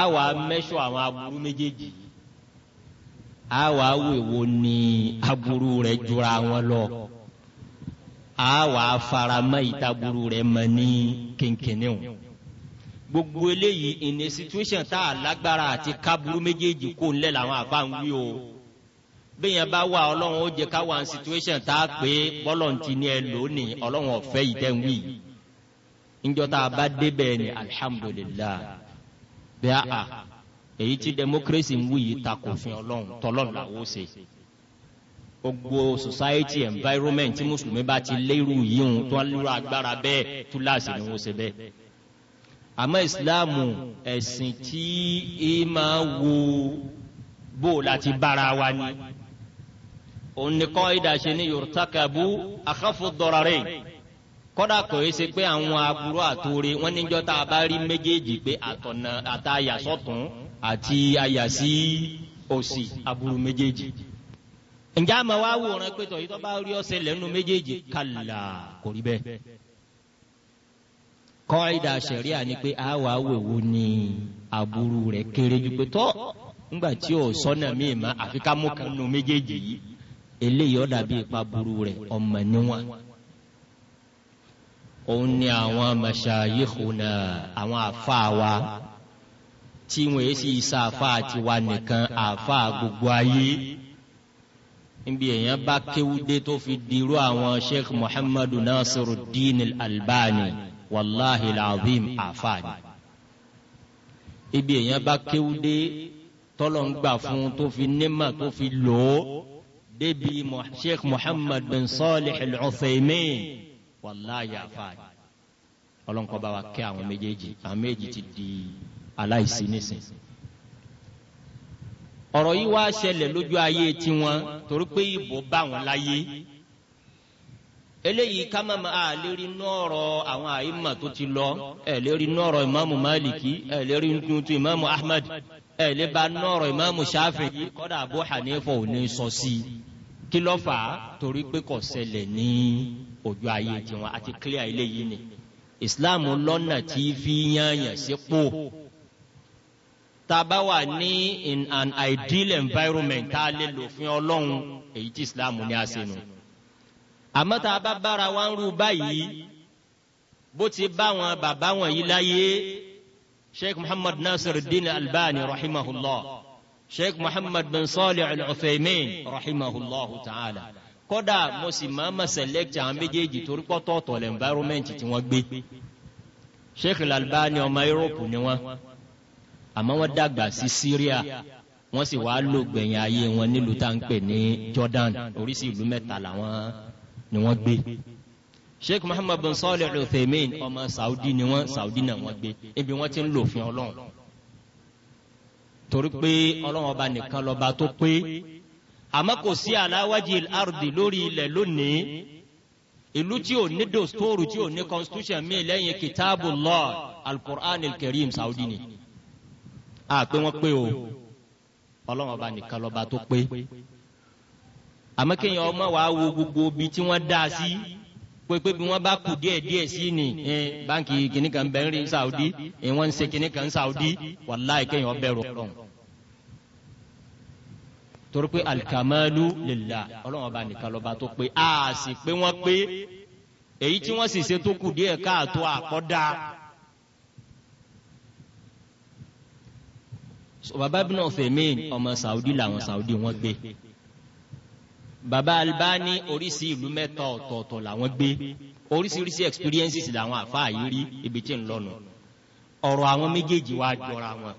a wà mẹ́sọ̀ àwọn aburú méjèèjì a wà wèwo ni aburú rẹ̀ jura wọn lọ a wà faramẹ́ ìtaburu rẹ̀ mọ́ ní kínkínníw gbogbo eléyìí in a situation tá a lágbára àti kábúrú méjèèjì kó ń lẹ̀ làwọn àbá ń wí o bẹ́ẹ̀ yẹn bá wà ọlọ́run ó jẹ́ ká wà ní situation tá a pé bọ́lọ̀ ti ní ẹ lónìí ọlọ́run ọ̀fẹ́ yìí tẹ́ ń wí níjọ́ tá a bá débẹ̀ ni alihamudulilayi bẹ́ẹ̀ a èyí tí democracy ń wí yìí ta kò fin ọlọ́run tọ́lọ́run làwọn ó ṣe gbogbo society environment tí mùsùlùmí bá ti lérú yìí ń tó ń lura agbára bẹ́ẹ̀ túláàsì ni wọ́n ṣe bẹ́ẹ̀ àmọ́ ìsìláàmù ẹ̀sìn tí í máa wo bó láti bára wa ni òun ni kọ́ ìdàṣe ní yorùtàkàbù àkàfò dọ̀rọ̀rẹ́ kọ́dà kò yẹ ṣe pé àwọn aburú àtòrè wọ́n níjọ́ tá a bá rí méjèèjì pé àtọ̀nà àtàyàsọ́tún àti àyàsí òsì aburú méjèèjì ǹjẹ́ àmọ́ wa wòran pé tọ̀yítọ́ bá rí ọ̀sẹ̀ lẹ́nu méjèèjì kàlà kò rí bẹ́ẹ̀ kọ́ìdà sẹ̀ríà ni pé a wà wèwo ni aburú rẹ̀ kéré ju pé tọ́ ńgbà tí o sọ́nà míì má àfi ká mú kan nu méjèèjì yìí eléyìí ọ̀dà bíi ipa burú rẹ̀ ọmọ níwọ̀n. òun ni àwọn mashayikhuna àwọn àfáà wa tí wọn yé sí isa àfáà tiwa nìkan àfáà gbogbo ayé níbi èèyàn bá kéwúdé tó fi dirú àwọn sheikh muhammadu nasiru diin al-albani. albani al wàláhi làzim àfààní. ibi èèyàn bá kéwú dé tọ́lọ̀ ń gbà fún tó fi nímà tó fi lò ó débi sheikh muhammad bin salih al-uthaymin wàláhi àfààní. ọlọ́nkọ́ bá wa kẹ́ àwọn méjèèjì àwọn méjèèjì ti di aláìsí nísìn. ọ̀rọ̀ yìí wá ṣẹlẹ̀ lójú ayé tiwọn torí pé ìbò bá wọn láyé eléyìí ká má máa lérí nọ́ọ̀rọ̀ àwọn àyímà tó ti lọ ẹ̀ lérí nọ́ọ̀rọ̀ ìmáàmù máàlìkì ẹ̀ lérí tuntun ìmáàmù ahmed ẹ̀ lè ba nọ́ọ̀rọ̀ ìmáàmù sáfìyí kọ́dà àbó hànífọ̀ ò ní sọ sí i kí ló fà á torí pé kò ṣẹlẹ̀ ní ojú ayé tiwọn àti clear eléyìí ni islam lọ́nà tí fi yányàn sípò taba ní in an ideal environment tá a lè lò fún ọlọ́run èyí tí islam ní a ṣe àmọ́ tá a bá bára wa ń rú báyìí bó ti bá wọn bàbá wọn yìí láyé sheikh muhammad nasir din albani rahimahullah sheikh muhammad bin salih al-uthaymin rahimahullah ta'ala kódà mo sì máa ma select àwọn méjèèjì torí pọ́tọ́ọ̀tọ̀ lẹ́ environment tí wọ́n gbé sheikh albani ọmọ europe ni wọ́n àmọ́ wọ́n dàgbà sí syria wọ́n sì wá lò gbẹ̀yìn ayé wọn nílùú tá ní jordan oríṣi ìlú mẹ́ta làwọn ni wọ́n gbé sheikh muhammad bin salih al-uthaymin ọmọ saudi ni wọ́n saudi náà wọ́n gbé ibi wọ́n ti ń lò fún ọlọ́run torí pé ọlọ́run ọba nìkan lọ́ba tó pé àmọ́ kò sí aláwájì ardi lórí ilẹ̀ lónìí ìlú tí ò ní dòstóòrù tí ò ní constitution mi lẹ́yìn kitabu law al-qur'an al-karim saudi ni a pé wọ́n pé o ọlọ́run ọba nìkan lọ́ba tó pé àmọ́ kéèyàn ọmọ wa wo gbogbo ibi tí wọ́n dá a sí pépé bí wọ́n bá kù díẹ̀ díẹ̀ sí ni báńkì kìnnì kan bẹ́ẹ̀ ń rí Saudi wọ́n ń ṣe kìnnì kan Saudi wàláì kéèyàn bẹ̀rù ọ̀rọ̀ torí pé alikamalu lila ọlọ́wọ́n bá nìkan lọ́ba tó pé a sì pé wọ́n pé èyí tí wọ́n sì ṣe tó kù díẹ̀ káàtó àkọ́dá. bàbá bí náà fèmí ọmọ Saudi làwọn Saudi wọ́n gbé baba Albani orisi ìlú mẹ́ta ọ̀tọ̀ọ̀tọ̀ làwọn gbé oríṣiríṣi experiences làwọn àfáà yìí rí ibi tí ń lọ́nu ọ̀rọ̀ àwọn méjèèjì wá jọra wọn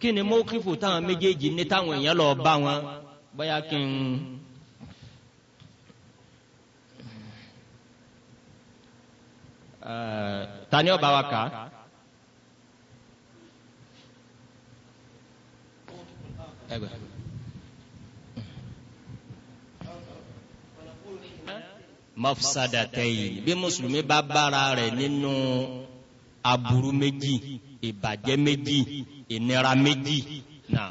kí ni mọ́kìfù táwọn méjèèjì ní táwọn èèyàn lọ bá wọn bóyá kí n. tani ọba wa kà á. ẹgbẹ́. mafsadatayn bí mùsùlùmí bá bára rẹ̀ nínú aburú méjì ìbàjẹ́ méjì ìnira méjì náà.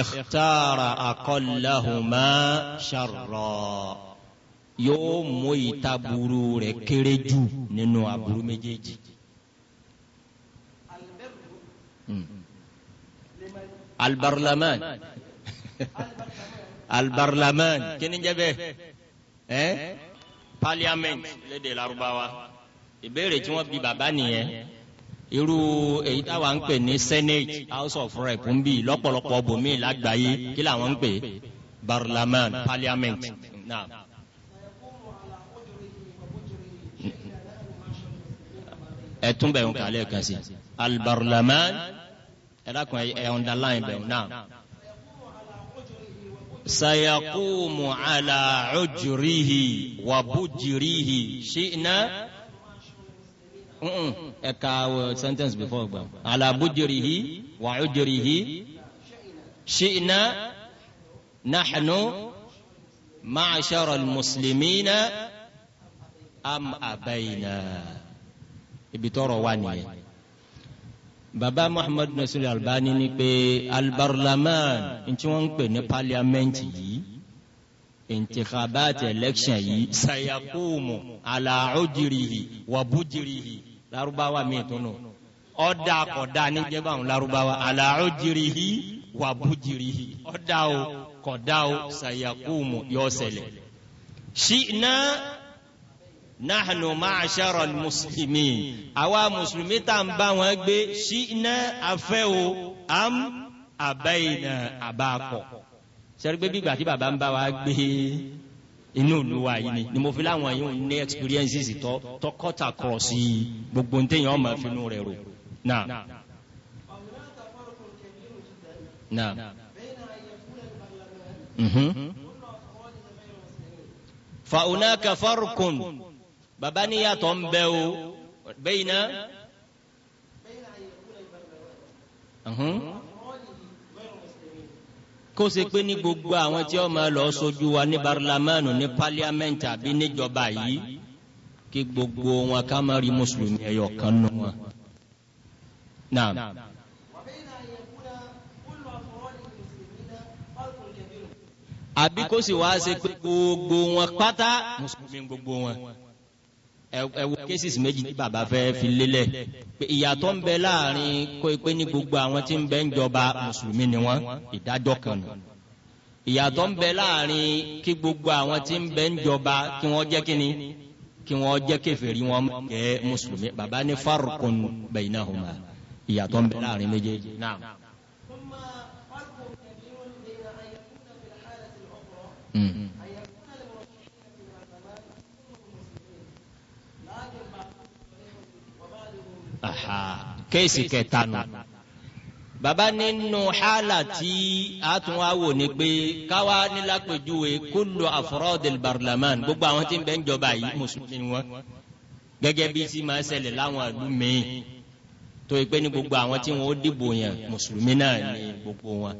ikhtara aqallahuma sharra yóò mú ìtaburú rẹ̀ kéré jù nínú aburú méjèèjì. Hmm. albarlaman albarlaman kíni jẹ́ bẹ́ẹ̀ ẹ́ parliament lédè Lárúbáwá ìbéèrè tí wọ́n bi bàbá nìyẹn irú èyí táwa ń pè ní senate house of rep ń bì lọ́pọ̀lọpọ̀ bòmíì lágbàáyé kí làwọn ń pè barlaman parliament náà. ẹtún bẹ̀rù kálẹ̀ kan sí albarlaman ẹ̀dá eh, kan eh, ẹ̀ underline bẹ̀rù náà. سيقوم على عجره وبجره شئنا ẹka sentence before على بجره وعجره شئنا نحن معشر المسلمين أم أبينا ibi tọrọ baba muhammad nasir albani ni pé albarlaman ntí wọn ń pè ní paliamẹnti yìí intikabat election yìí sayakumu ala ojirihi wa bujirihi larubawa mi tunu ọdà kọdà níjẹba àwọn larubawa ala ojirihi wa bujirihi ọdà o kọdà o sayakumu yọ ṣẹlẹ̀ ṣì náà nahnu ma'ashara al-muslimin àwa mùsùlùmí tá n bá wọn gbé ṣínà afẹ́ o am àbẹ́yìnà àbákọ̀ sẹ́rí pé bígbà tí bàbá ń bá wa gbé inú ìlú wa yìí ni ni mo fi láwọn yìí ní experiences tọ tọkọta kọ sí gbogbo ntẹ̀yìn ọmọ finú rẹ̀ rò na. na. Mhm. fa unaka farqun baba níyàtọ̀ ń bẹ o bẹ́yìn náà. kó se pé ní gbogbo àwọn tí wọn máa lọ sojú wa ní barilamẹ́nu ní pálíámẹ́ǹtì àbí níjọba yìí kí gbogbo wọn ká má rí mùsùlùmí ẹ̀yọ̀ kan nù wọn. naam. àbí kó sì wá se pé gbogbo wọn pátá mùsùlùmí gbogbo wọn ẹwọ cases méjì tí bàbá fẹ́ fi lélẹ̀ ìyàtọ̀ ń bẹ láàrin pé ní gbogbo àwọn tí ń bẹ ń jọba mùsùlùmí ni wọ́n ìdájọ́ kan nù ìyàtọ̀ ń bẹ láàrin kí gbogbo àwọn tí ń bẹ ń jọba kí wọ́n jẹ́ kíni kí wọ́n jẹ́ kèfèrí wọn kẹ́ mùsùlùmí bàbá ní farqun baynahuma ìyàtọ̀ ń bẹ láàrin méjèèjì náà. Mm-hmm. aha kéèsì kẹta nù baba nínú xaala tí a tún wá wò ni pé káwa nílápẹjúwe kúlù àfọrọ́dẹ̀lì barlaman gbogbo àwọn tí ń bẹ ń jọba yìí mùsùlùmí ni wọn gẹ́gẹ́ bí sí máa ṣẹlẹ̀ láwọn àlú míì tó yẹ ní gbogbo àwọn tí wọn ó dìbò yẹn mùsùlùmí náà ni gbogbo wọn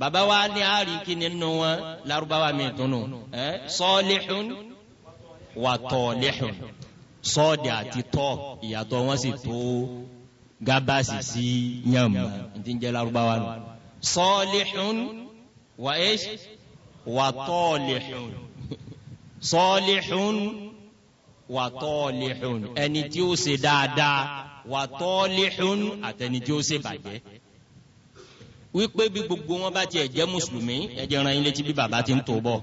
baba wa ni a nínú wọn larubawa mi tunu ẹ sọlihun wa tọlihun sọ́ọ̀dì àti tọ́ ìyàtọ̀ wọn sì tó gábàsì sí yànmù ní jẹ́ lárúbáwá nù. sọ́ọ̀lìhùn wà é wà tọ́ọ̀lìhùn sọ́ọ̀lìhùn wà tọ́ọ̀lìhùn ẹni tí ó ṣe dáadáa wà tọ́ọ̀lìhùn àtẹni tí ó ṣe bàjẹ́ wípé bí gbogbo wọn bá tiẹ̀ jẹ́ mùsùlùmí ẹ jẹ́ ran ilé tí bí bàbá ti ń tó bọ̀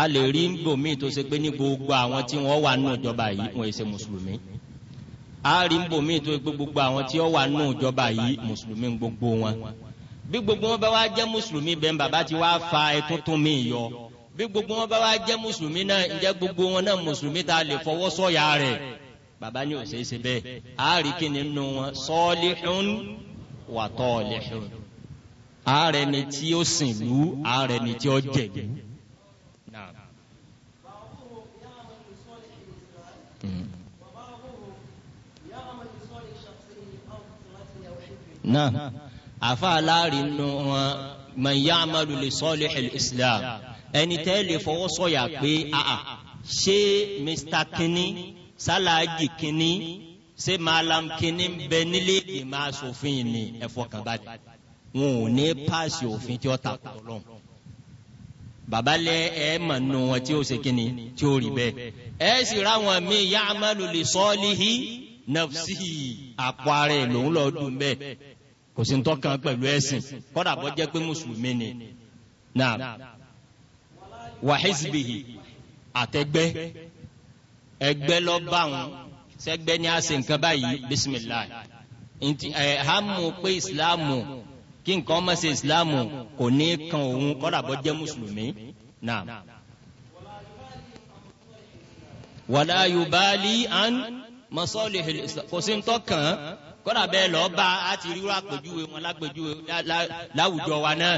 a lè rí nbòmí tó ṣe pé ní gbogbo àwọn tí wọ́n wà nù ìjọba yìí wọ́n ṣe mùsùlùmí a rí nbòmí tó ṣe pé gbogbo àwọn tí wọ́n wà nù ìjọba yìí mùsùlùmí gbogbo wọn bí gbogbo wọn bá wá jẹ́ mùsùlùmí bẹ́ẹ̀ bàbá ti wá fa ẹkún tún mí yọ bí gbogbo wọn bá wá jẹ́ mùsùlùmí náà ǹjẹ́ gbogbo wọn náà mùsùlùmí ta lè fọwọ́ sọ̀yà rẹ̀ bàbá ní òṣèṣe bẹ́ẹ̀ a rí kíni nù wọn sọ́ọ́lìhún wà tọ́ọ̀lìhún ààrẹ ni tí ó sìn lú ààrẹ ni tí ó jẹ̀lú. Mm. náà àfa aláàrin nù wọn man ya'malu li salihil islam ẹni tẹ́ lè fọwọ́ sọ̀yà pé àà ṣé mr kínní sálàájì kínní ṣé malam kínní ń bẹ nílé ìgbìmọ̀ asòfin ni ẹ̀fọ́ kan balẹ̀ wọn ò ní paasi òfin tí ó ta kọ́ lọ́hùn bàbá lẹ ẹ mà nù wọn tí ó ṣe kíni tí ó rí bẹ́ẹ̀ ẹ sì ráwọn mi ya'malu li solihi nafsi àpò ara ẹ lòún lọ dùn bẹ́ẹ̀ kò sí ntọ́ kan pẹ̀lú ẹ̀sìn kọ́dà bọ́ jẹ́ pé mùsùlùmí ni na wa àtẹgbẹ́ ẹgbẹ́ lọ bá wọn sẹgbẹ́ ni a ṣe nǹkan báyìí bisimilahi ẹ hàmù pé ìsìlámù kí nǹkan ọmọ ṣe ìsìláàmù kò ní kan òun kọ́dà bọ́ jẹ́ mùsùlùmí wàlá yubali an masọ́ọ̀lì kò sí ntọ́ kàn án kọ́dà bẹ́ẹ̀ lọ́ọ́ bá a ti rí wá àpèjúwe wọn lágbèjúwe láwùjọ wa náà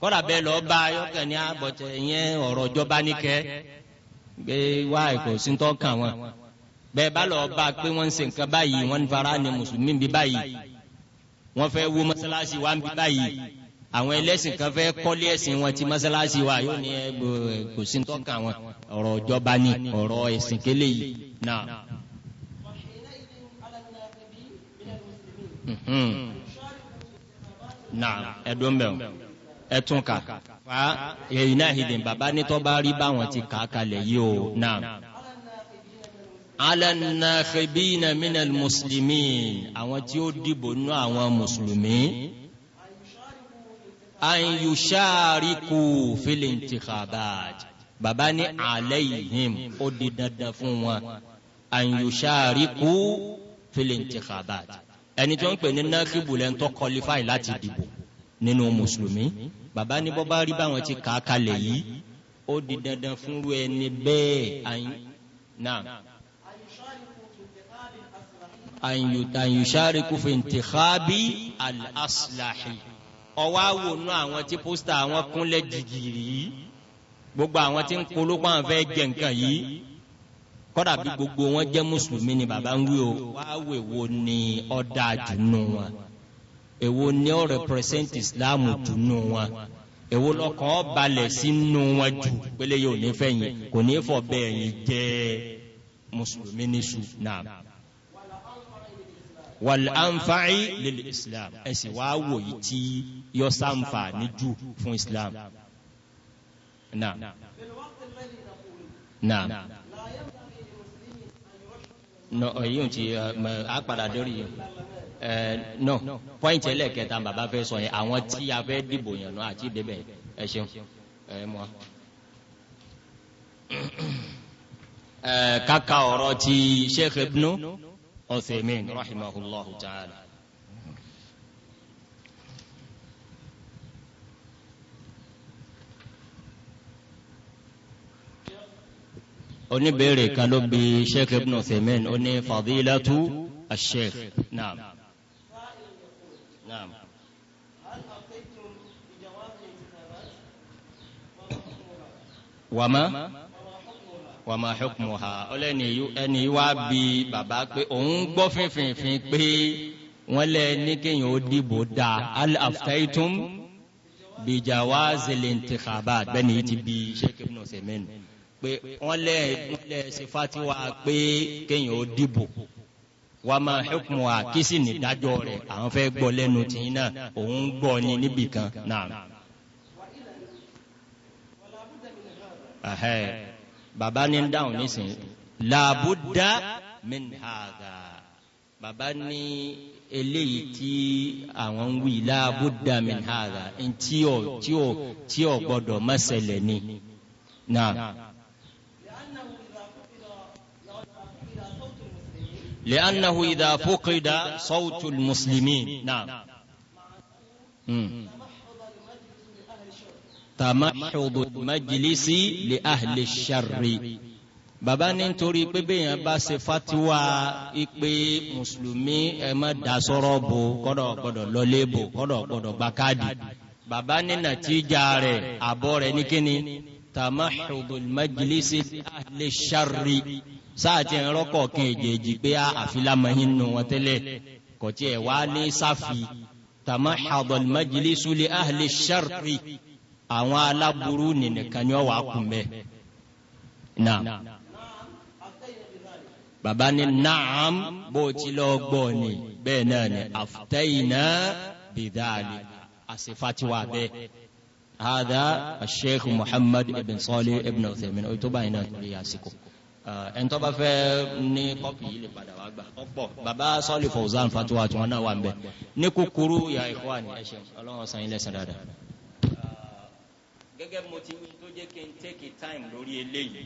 kọ́dà bẹ́ẹ̀ lọ́ọ́ bá a yọkàn ní abọ́tẹ̀ ah, eh, yẹn ọ̀rọ̀ ìjọba níkẹ́ gbé wá kò sí ntọ́ kàn wọn bẹ́ẹ̀ bá lọ́ọ́ bá a pé wọ́n ń ṣe nǹkan báyìí wọ́n ń fara ní mùsùlùmí bí báyìí wọ́n fẹ́ wó mọ́sálásí wa ń bí báyìí àwọn ẹlẹ́sìn kan fẹ́ kọ́lé ẹ̀sìn wọn ti mọ́sálásí wa yóò ní eh, eh, kò sí tọ́ka wọn ọ̀rọ̀ ìjọba ni ọ̀rọ̀ ẹ̀sìn kélé yìí náà. Mhm. náà ẹ̀dùn bẹ̀rù ẹ̀túnkà fa èyí náà hìdìn bàbá nítọ́ bá rí báwọn ti kà á kalẹ̀ yìí o náà alannafibina minal muslimin àwọn tí ó dìbò nú àwọn mùsùlùmí ayushariku filintikhabat baba ni alayhim ó di dandan fún wọn ayushariku filintikhabat ẹni tó ń pè ní nakibu lẹ́nu tó kọlifáì láti dìbò nínú mùsùlùmí baba ni bọ́bá rí báwọn ti kà yìí ó di dandan fúnru ẹni bẹ́ẹ̀ ayin náà an yushariku fi intikhabi al-aslahi ọwọ́ àwòrán àwọn tí pósítà àwọn kúnlẹ̀ jìgìrì yìí gbogbo àwọn tí ń polówó àwọn fẹ́ jẹ nǹkan yìí kọ́dà bí gbogbo wọn jẹ́ mùsùlùmí ni bàbá ń wí o wáwò èwo ni ọ̀dà àdùnnú wọn èwo ni ó represent islam dùnnú wọn èwo lọkàn ó balẹ̀ sínú wọn jù pélé yóò ní fẹ́ yín kò ní fọ̀ bẹ́ẹ̀ yín jẹ́ mùsùlùmí ní sùn náà wal anfa'i lil islam ẹ sì wá wò yìí tí yọ sáǹfà ní jù fún islam. naam naam no ẹ̀yìn ti a padà dórí yìí ẹ no pọ́ìntì ẹlẹ́kẹta bàbá fẹ́ sọ yẹn àwọn tí a fẹ́ dìbò yàn náà àti ìdẹ́bẹ̀ ẹ ṣeun ẹ mọ́ ẹ kàkà ọ̀rọ̀ ti sheikh ibnu. No? عثيمين رحمه الله تعالى oníbèrè kan ló bi sheikh ibn Uthaymin oni ní fadilatu asheikh naam naam. wàmà. wa ma hukmuha ọlẹ́ni ẹni wá bi bàbá pé òun gbọ́ fínfínfín pé wọ́n lẹ ní kéèyàn ó dìbò da al aftaitum bi jawazil intikhabat bẹ́ẹ̀ ni yìí ti bi sheikh ibn pé wọ́n lẹ wọ́n lẹ pé kéèyàn ó dìbò wa ma hukmuha kí sì ní dájọ́ rẹ̀ àwọn fẹ́ gbọ́ lẹ́nu tìyín náà òun gbọ́ ni níbìkan náà bàbá ní dáhùn nísìnyí làbúdá minhaga bàbá ní eléyìí tí àwọn ń wí làbúdá minhaga ntí ò tí ò tí ò gbọdọ̀ má ṣẹlẹ̀ ni náà. لأنه إذا فقد صوت المسلمين نعم, نعم tamahudu majlisi li ahli sharri baba ní nítorí pé bẹ́yàn bá ṣe fatiwa ipe mùsùlùmí ẹ má da sọ́rọ̀ bo kọ́dọ̀ gbọ́dọ̀ lọlé bo kọ́dọ̀ gbọ́dọ̀ gba káàdì baba ní nàtíjà rẹ̀ àbọ̀ rẹ̀ ní kíni tamahudu majlisi li ahli sharri sáàtì ẹ̀rọ kọ̀ọ̀kan èjèèjì pé àfilámọ̀yìn nù wọn tẹ́lẹ̀ kọ̀tí ẹ̀ wá ní sáfì tamahudu majlisu li ahli sharri àwọn aláburú nìkan ni wọ́n wà kú mbẹ́ náà bàbá ni naam bó ti lọ gbọ́ ni bẹ́ẹ̀ náà ni aftayna bidhali àṣefàtiwà bẹ́ẹ̀ hada sheikh muhammad ibn salih ibn uthaymin oye tó báyìí náà lórí àsìkò ẹni tó bá fẹ́ ní kọ́pì yìí lè padà wá gbà ọ̀pọ̀ bàbá salih fawzan fatiwa tí wọ́n náà wà ń bẹ̀ ní kúkúrú ya ikhwani ẹ̀ṣẹ̀ ọlọ́run san ilẹ̀ sàn dáadáa gẹ́gẹ́ bí mo ti wí tó jẹ́ kí n take time lórí eléyìí.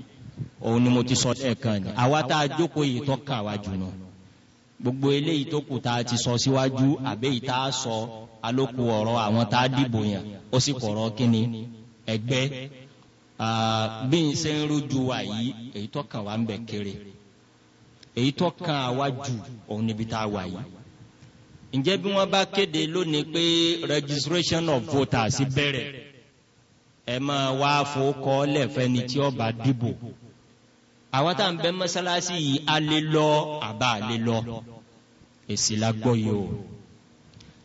òun ni mo ti sọ lẹ́ẹ̀kan ni àwa tá a jókòó yìí tó kà wá jù náà gbogbo eléyìí tó kù tá a ti sọ síwájú àbẹ́yìí tá a sọ alóku ọ̀rọ̀ àwọn tá a dìbò yàn ó sì kọ̀rọ̀ kínni ẹgbẹ́ bí n ṣe ń rújú wa yìí èyí tó kàn wá ń bẹ̀ kéré èyí tó kàn wá jù òun níbi tá a wà yìí ǹjẹ́ bí wọ́n bá kéde lónìí pé registration of voters bẹ̀rẹ̀ ẹ wa wá fowókọ́ lẹ́fẹ́ ni tí ọba dìbò àwọn tá à ń bẹ mọ́sálásí yìí a lè lọ àbá a lè lọ èsì la gbọ́ yìí o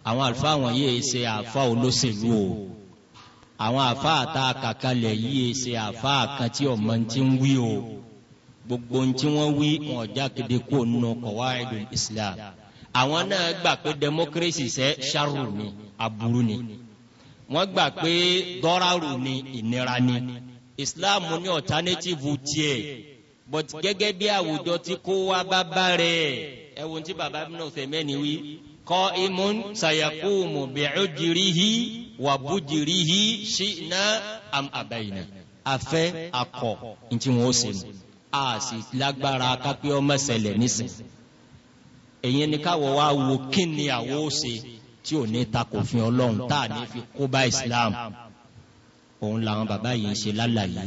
àwọn àlùfáà wọ̀nyí yìí ṣe àlùfáà olóṣèlú o àwọn àlùfáà tá a yìí ṣe àlùfáà kan tí ọmọ ti ń wí o gbogbo ohun tí wọ́n wí wọn jákèjì kó nù qawaidul Islam àwọn náà gbà pé democracy ṣe ṣàrù ni aburú ni. ni wọ́n gbà pé dọ́ràrù ni ìnira ni islam ní alternative tiẹ̀ but gẹ́gẹ́ bí àwùjọ tí kó wá bá bá rẹ̀ ẹ wo ti bàbá mi náà fẹ́ mẹ́ni wí kọ́ imun sayakumu bi'ujrihi wa bujrihi ṣìnà am abayna afẹ́ akọ ntí wọn ó ṣe mu a sì lágbára kápẹ́ ọmọ ṣẹlẹ̀ nísìn èyí káwọ́ wá wo kí ni àwọn ó ṣe tí ò ní takòfin ọlọ́run tá a ní fi kóbá islam òun làwọn bàbá yìí ń ṣe lálàyé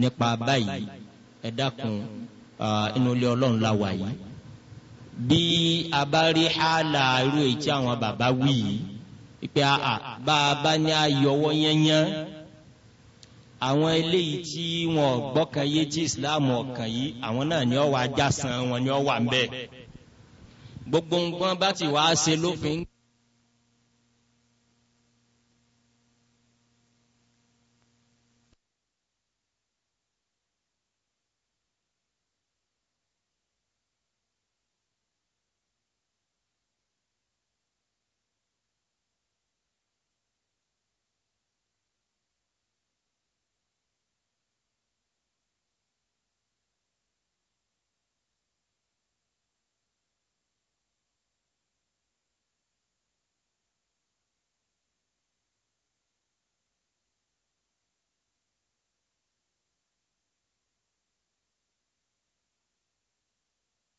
nípa báyìí ẹ dákun inú ilé ọlọ́run la wà yìí bí a bá rí hàlà irú èyí tí àwọn bàbá wí yìí pé àà bá a bá ní ayọwọ́ yẹnyẹn àwọn eléyìí tí wọn gbọ́kàn yé tí islam ọ̀kàn yìí àwọn náà ni ọ wà jásán wọn ni ọ wà ń bẹ gbogbo nǹkan bá ti wàá ṣe lófin.